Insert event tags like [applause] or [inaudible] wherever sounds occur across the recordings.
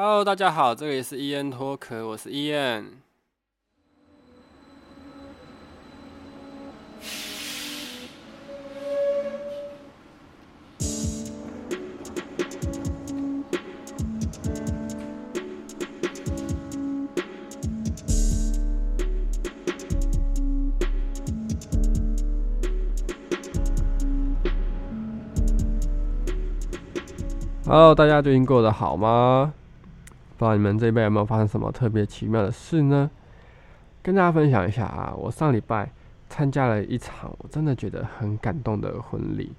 哈嘍，大家好，這裡是伊恩脫殼，我是伊恩。哈嘍，大家最近過得好嗎？不知道你們這一輩有沒有發生什麼特別奇妙的事呢？跟大家分享一下啊，我上禮拜參加了一場我真的覺得很感動的婚禮。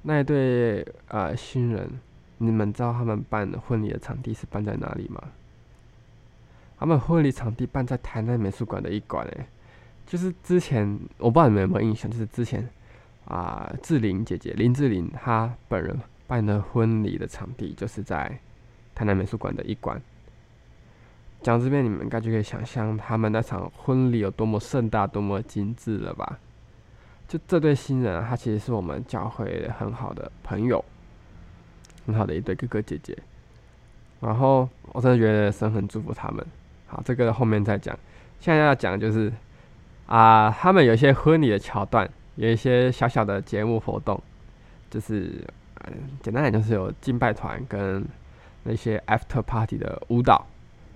那一對呃新人，你們知道他們辦婚禮的場地是辦在哪裡嗎？他們婚禮場地辦在台南美術館的一館欸，就是之前我不知道你們有沒有印象，就是之前啊，呃，志玲姐姐林志玲她本人辦的婚禮的場地就是在。台南美術館的一館，講這邊你們應該就可以想象他們那場婚禮有多麼盛大、多麼精緻了吧？就這對新人，啊，他其實是我們教會很好的朋友，很好的一對哥哥姐姐。然後我真的覺得神很祝福他們。好，這個後面再講。現在要講就是啊、呃，他們有一些婚禮的橋段，有一些小小的節目活動，就是、嗯、簡單點就是有敬拜團跟那些 after party 的舞蹈，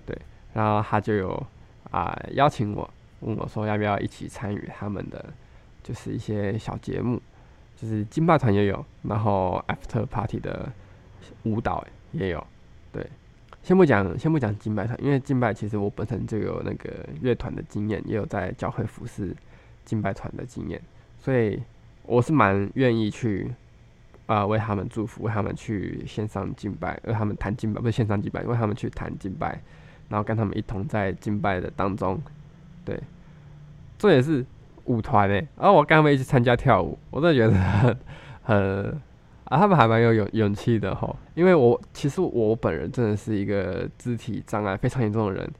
對，然後他就有啊、呃、邀請我，問我說要不要一起參與他們的，就是一些小節目，就是敬拜團也有，然後 after party 的舞蹈也有，對，先不講先不講敬拜團，因為敬拜其實我本身就有那個樂團的經驗，也有在教會服事敬拜團的經驗，所以我是蠻願意去。啊、呃，為他們祝福，為他們去獻上敬拜，為他們彈敬拜，不是獻上敬拜，為他們去彈敬拜，然後跟他們一同在敬拜的當中，對，這也是舞團誒，啊、哦，我跟他們一起參加跳舞，我真的覺得很，很啊，他們還蠻有勇勇氣的哈，因為我其實我本人真的是一個肢體障礙非常嚴重的人，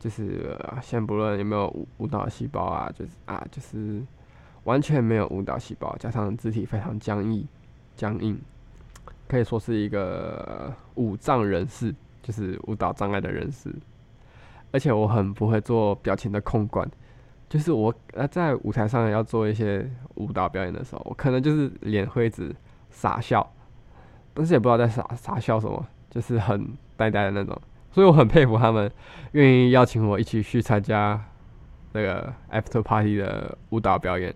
就是先、呃、不論有沒有舞舞蹈細胞啊，就是啊，就是完全沒有舞蹈細胞，加上肢體非常僵硬。僵硬，可以說是一個舞障、呃、人士，就是舞蹈障礙的人士。而且我很不會做表情的控管，就是我呃在舞台上要做一些舞蹈表演的時候，我可能就是臉會一直傻笑，但是也不知道在傻傻笑什麼，就是很呆呆的那種。所以我很佩服他們，願意邀請我一起去參加那個 After Party 的舞蹈表演。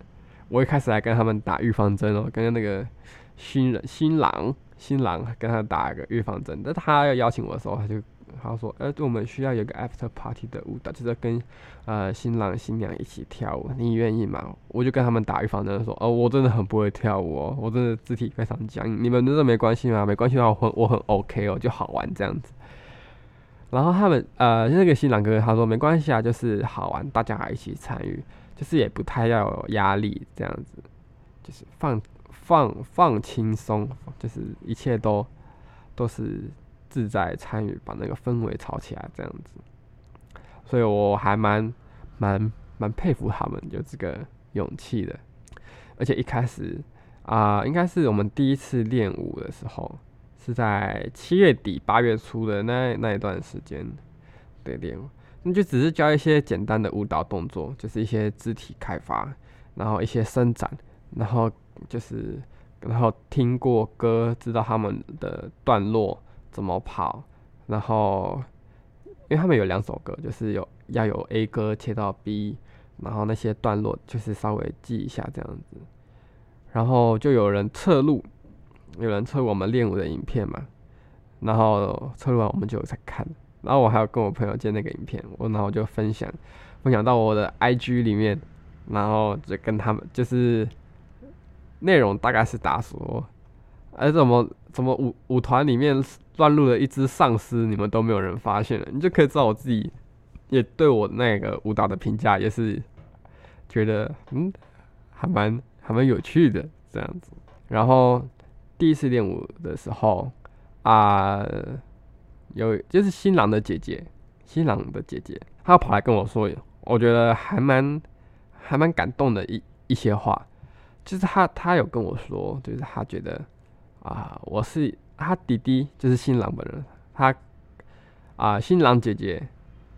我一開始來跟他們打預防針哦，跟那個。新人新郎，新郎跟他打一個預防針，但他要邀請我的時候，他就他就說：“呃、欸，我們需要有一個 after party 的舞蹈，就是要跟呃新郎新娘一起跳舞，你願意嗎？”我就跟他們打預防針說：“哦、呃，我真的很不會跳舞，哦，我真的肢體非常僵硬，你們真的沒關係嗎？沒關係的話，我很我很 OK 哦，就好玩這樣子。”然後他們呃那個新郎哥他說：“沒關係啊，就是好玩，大家一起參與，就是也不太要有壓力這樣子，就是放。”放放輕鬆，就是一切都都是自在參與，把那個氛圍炒起來這樣子。所以我還蠻蠻蠻佩服他們就這個勇氣的。而且一開始啊、呃，應該是我們第一次練舞的時候，是在七月底八月初的那那一段時間對，練舞，那就只是教一些簡單的舞蹈動作，就是一些肢體開發，然後一些伸展，然後。就是，然後聽過歌，知道他們的段落怎麼跑，然後，因為他們有兩首歌，就是有要有 A 歌切到 B，然後那些段落就是稍微記一下這樣子，然後就有人側錄，有人側我們練舞的影片嘛，然後側錄完我們就有在看，然後我還有跟我朋友借那個影片，我然後就分享，分享到我的 IG 裡面，然後就跟他們就是。內容大概是打說，哎、啊，怎麼怎麼舞舞團裡面亂入了一隻喪屍，你們都沒有人發現了。你就可以知道我自己也對我那個舞蹈的評價也是覺得嗯，還蠻還蠻有趣的這樣子。然後第一次練舞的時候啊、呃，有就是新郎的姐姐，新郎的姐姐，她跑來跟我說，我覺得還蠻還蠻感動的一一些話。就是他，他有跟我說，就是他覺得，啊、呃，我是他弟弟，就是新郎本人。他，啊、呃，新郎姐姐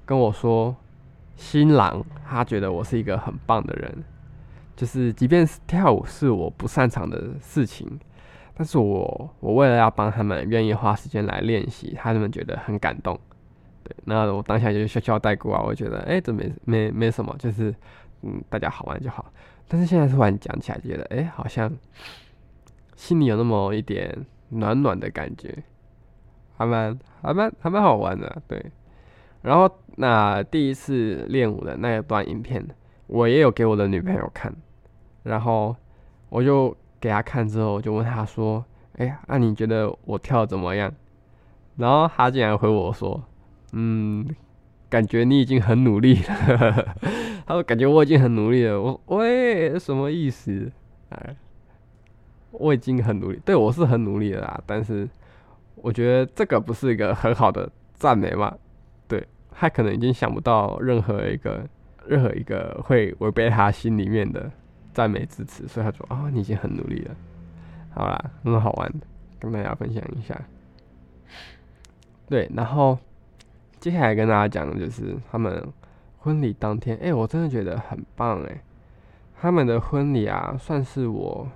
跟我說，新郎他覺得我是一個很棒的人，就是即便是跳舞是我不擅長的事情，但是我我為了要幫他們，願意花時間來練習，他們覺得很感動。對，那我當下就笑笑帶過啊，我覺得哎、欸，這沒沒沒什麼，就是。嗯，大家好玩就好。但是現在突然講起來，覺得誒、欸，好像心裡有那麼一點暖暖的感覺，還蠻還蠻還蠻好玩的、啊。對，然後那、呃、第一次練舞的那一段影片，我也有給我的女朋友看。然後我就給她看之後，就問她說：“哎、欸，那、啊、你覺得我跳得怎麼樣？”然後她竟然回我說：“嗯。”感覺你已經很努力了，哈哈哈，他說：“感覺我已經很努力了。”我喂，什麼意思？哎，我已經很努力，對，我是很努力的啦。但是我覺得這個不是一個很好的讚美嘛？對，他可能已經想不到任何一個任何一個會違背他心裡面的讚美之詞，所以他說：“啊，你已經很努力了。”好啦，很好玩，跟大家分享一下。對，然後。接下來跟大家講的，就是他們婚禮當天，哎、欸，我真的覺得很棒哎、欸！他們的婚禮啊，算是我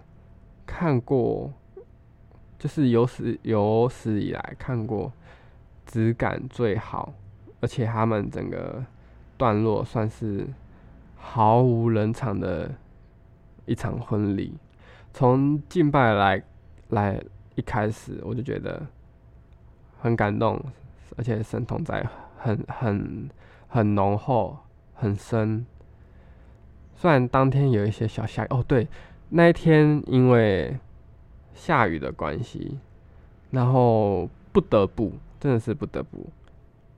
看過，就是有史有史以來看過質感最好，而且他們整個段落算是毫無冷場的一場婚禮，從敬拜來來一開始，我就覺得很感動。而且神同在很很很濃厚很深。雖然當天有一些小下哦，對，那一天因為下雨的關係，然後不得不真的是不得不，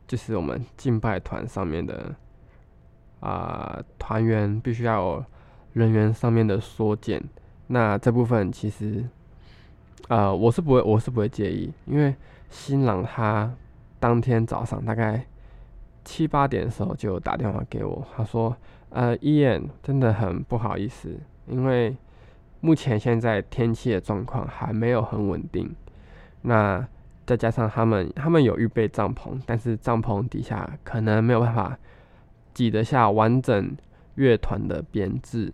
就是我們敬拜團上面的啊、呃、團員必須要有人員上面的縮減。那這部分其實啊、呃，我是不會我是不會介意，因為新郎他。當天早上大概七八點的時候就打電話給我，他說：“呃，Ian 真的很不好意思，因為目前現在天氣的狀況還沒有很穩定，那再加上他們他們有預備帳篷，但是帳篷底下可能沒有辦法擠得下完整樂團的編制，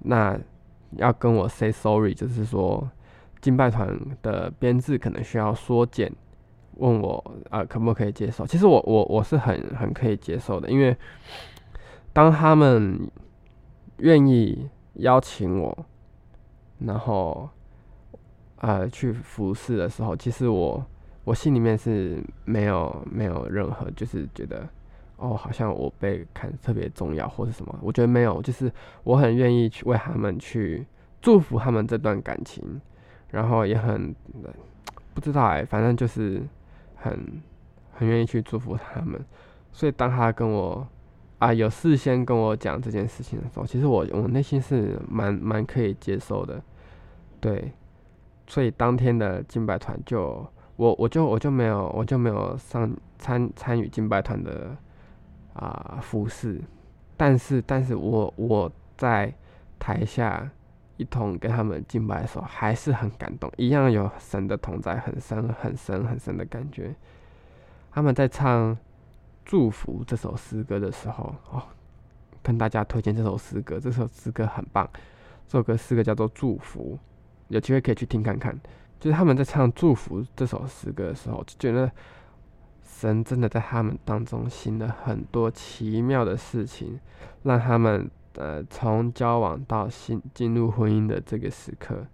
那要跟我 say sorry，就是說敬拜團的編制可能需要縮減。”問我啊，可不可以接受？其實我我我是很很可以接受的，因為當他們願意邀請我，然後呃、啊、去服侍的時候，其實我我心裡面是沒有沒有任何就是覺得哦，好像我被看特別重要或是什麼，我覺得沒有，就是我很願意去為他們去祝福他們這段感情，然後也很不知道哎、欸，反正就是。很很願意去祝福他們，所以當他跟我啊有事先跟我講這件事情的時候，其實我我內心是蠻蠻可以接受的，對，所以當天的敬拜團就我我就我就沒有我就沒有上參參與敬拜團的啊服事，但是但是我我在台下。一同跟他們敬拜的時候，還是很感動，一樣有神的同在，很深、很深、很深的感覺。他們在唱《祝福》這首詩歌的時候，哦，跟大家推薦這首詩歌，這首詩歌很棒。這首歌詩歌叫做《祝福》，有機會可以去聽看看。就是他們在唱《祝福》這首詩歌的時候，就覺得神真的在他們當中行了很多奇妙的事情，讓他們。呃，從交往到新，進入婚姻的這個時刻，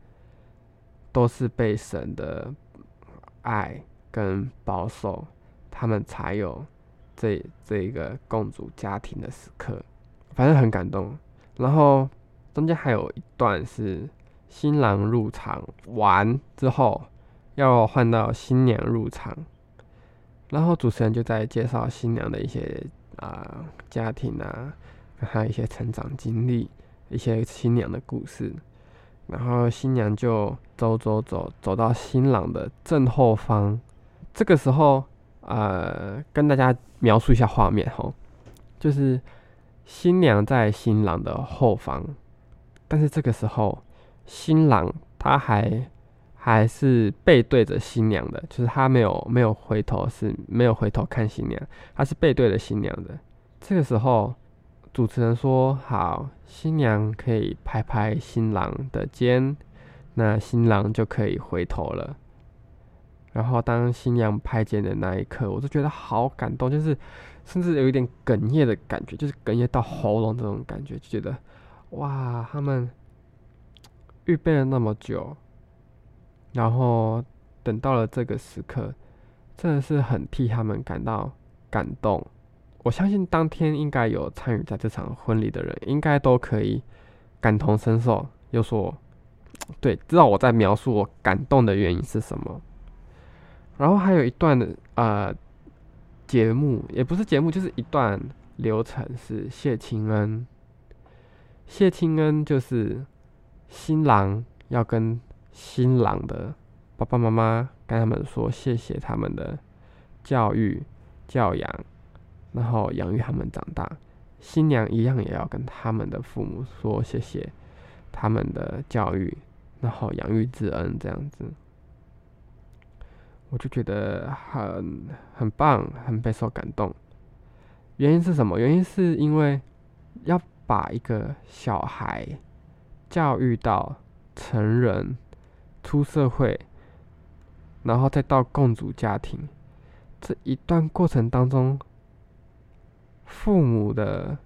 都是被神的愛跟保守，他們才有這這一個共組家庭的時刻。反正很感動。然後中間還有一段是新郎入場完之後，要換到新娘入場，然後主持人就在介紹新娘的一些啊、呃、家庭啊。還有一些成長經歷，一些新娘的故事，然後新娘就走走走走到新郎的正後方。這個時候，呃，跟大家描述一下畫面哦，就是新娘在新郎的後方，但是這個時候新郎他還還是背對着新娘的，就是他沒有沒有回頭是，是沒有回頭看新娘，他是背對着新娘的。這個時候。主持人說：“好，新娘可以拍拍新郎的肩，那新郎就可以回頭了。然後當新娘拍肩的那一刻，我就覺得好感動，就是甚至有一點哽咽的感覺，就是哽咽到喉嚨這種感覺，就覺得哇，他們預備了那麼久，然後等到了這個時刻，真的是很替他們感到感動。”我相信當天應該有參與在這場婚禮的人，應該都可以感同身受，又說，對，知道我在描述我感動的原因是什麼。嗯、然後還有一段的呃節目，也不是節目，就是一段流程，是謝親恩，謝親恩就是新郎要跟新郎的爸爸媽媽跟他們說謝謝他們的教育教養。然後養育他們長大，新娘一樣也要跟他們的父母說謝謝，他們的教育，然後養育之恩這樣子，我就覺得很很棒，很備受感動。原因是什麼？原因是因為要把一個小孩教育到成人，出社會，然後再到共組家庭這一段過程當中。父母的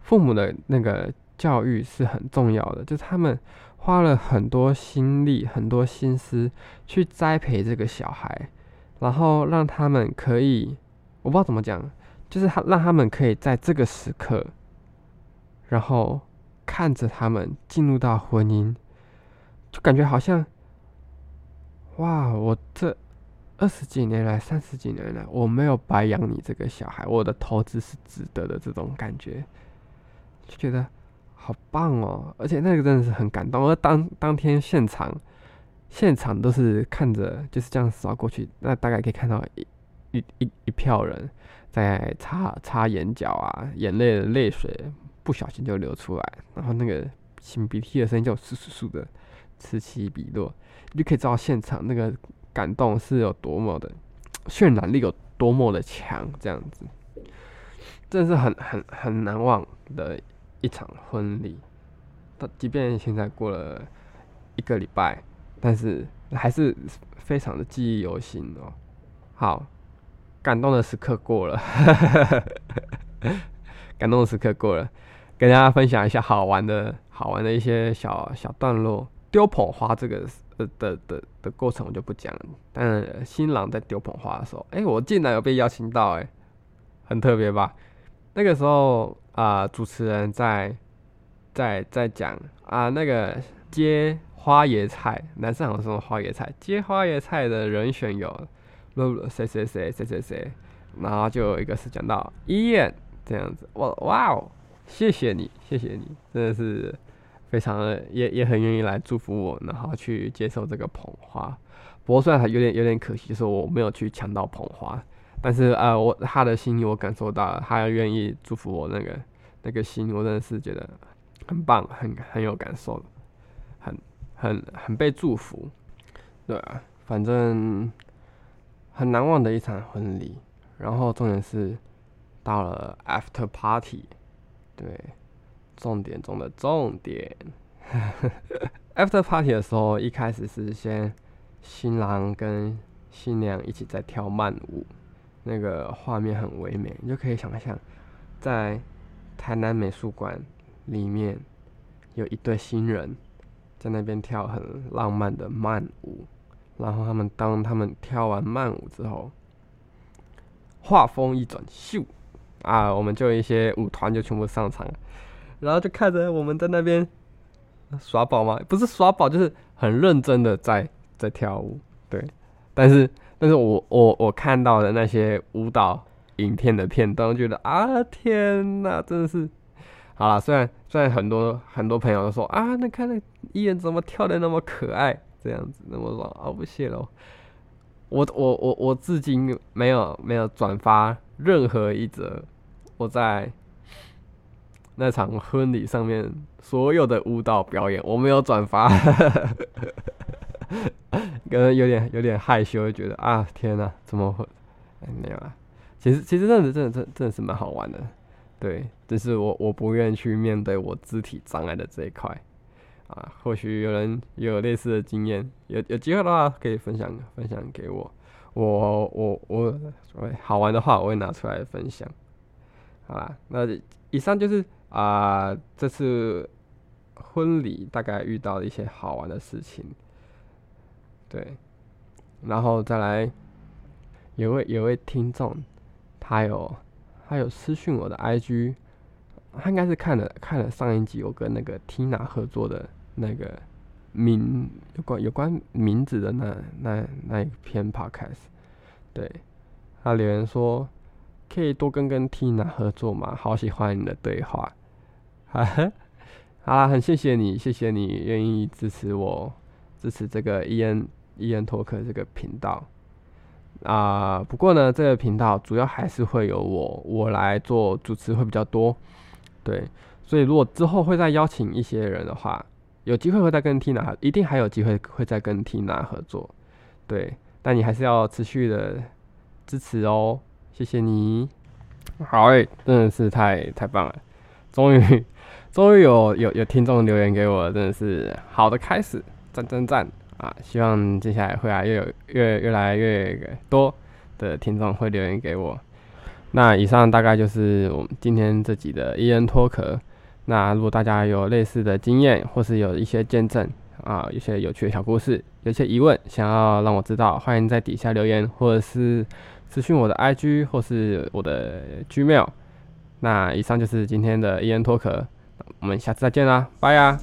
父母的那個教育，是很重要的，就是他們花了很多心力，很多心思去栽培這個小孩，然後讓他們可以，我不知道怎麼講，就是他讓他們可以在這個時刻，然後看着他們進入到婚姻，就感覺好像，哇，我這。二十幾年來，三十幾年來，我沒有白養你這個小孩，我的投資是值得的，這種感覺就覺得好棒哦！而且那個真的是很感動，我當當天現場，現場都是看着就是這樣掃過去，那大概可以看到一、一、一、一票人在擦擦眼角啊，眼淚的淚水不小心就流出來，然後那個擤鼻涕的聲音就咻咻咻的此起彼落，你就可以知道現場那個。感動是有多麼的渲染力，有多麼的強，這樣子，真是很很很難忘的一場婚禮。到，即便現在過了一個禮拜，但是還是非常的記憶猶新哦。好，感動的時刻過了， [laughs] 感動的時刻過了，跟大家分享一下好玩的好玩的一些小小段落，丟捧花這個。的的的的，的過程我就不講了，但、呃、新郎在丟捧花的時候，哎、欸，我竟然有被邀請到、欸，哎，很特別吧？那個時候啊、呃，主持人在在在講啊、呃，那個接花椰菜，男生好像說花椰菜？接花椰菜的人選有，誰誰誰誰誰誰，然後就有一個是講到醫院這樣子，哇哇哦，謝謝你，謝謝你，真的是。非常的也也很願意來祝福我，然後去接受這個捧花。不過雖然還有點有點可惜，說我沒有去搶到捧花，但是呃，我他的心意我感受到了，他要願意祝福我那個那個心，我真的是覺得很棒，很很有感受，很很很被祝福。對啊，反正很難忘的一場婚禮。然後重點是到了 after party，對。重點中的重點。 [laughs] After party 的時候，一開始是先新郎跟新娘一起在跳慢舞，那個畫面很唯美，你就可以想象，在台南美術館裡面有一對新人在那邊跳很浪漫的慢舞。然後他們，當他們跳完慢舞之後，畫風一轉，咻！啊，我們就一些舞團就全部上場了。然後就看着我們在那邊耍寶嘛，不是耍寶，就是很認真的在在跳舞，對。但是，但是我我我看到的那些舞蹈影片的片段，覺得啊天哪，真的是好啦。雖然雖然很多很多朋友都說啊，那看那藝人怎麼跳的那麼可愛，這樣子那麼說，哦，不謝了。我我我我至今沒有沒有轉發任何一則我在。那場婚禮上面所有的舞蹈表演，我沒有轉發，哈哈哈，可能有點有點害羞，覺得啊天吶，啊，怎麼會？哎，沒有啊，其實其實那個真的真的真的是蠻好玩的，對，只，就是我我不願去面對我肢體障礙的這一塊啊。或許有人有類似的經驗，有有機會的話可以分享分享給我，我我我好玩的話我會拿出來分享。好啦，那以上就是。啊、呃，這次婚禮大概遇到了一些好玩的事情，對，然後再來，有位有位聽眾，他有他有私訊我的 IG，他應該是看了看了上一集我跟那個 Tina 合作的那個名有關有關名字的那那那一篇 Podcast，對，他留言說可以多跟跟 Tina 合作嗎？好喜歡你的對話。哈， [laughs] 好啦，很謝謝你，謝謝你願意支持我，支持這個伊恩伊恩托克這個頻道啊、呃。不過呢，這個頻道主要還是會由我我來做主持會比較多，對。所以如果之後會再邀請一些人的話，有機會會再跟緹娜，一定還有機會會再跟緹娜合作，對。但你還是要持續的支持哦，謝謝你。好誒、欸，真的是太太棒了，終於。 [laughs] 終於有有有聽眾留言給我，真的是好的開始，讚讚讚啊！希望接下來會來越有越越來越多的聽眾會留言給我。那以上大概就是我們今天這集的 EN Talk。那如果大家有類似的經驗，或是有一些見證啊，一些有趣的小故事，有些疑問想要讓我知道，歡迎在底下留言，或者是私訊我的 IG 或是我的 Gmail。那以上就是今天的 EN Talk。我們下次再見啦，拜呀！